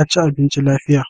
A ci abinci lafiya.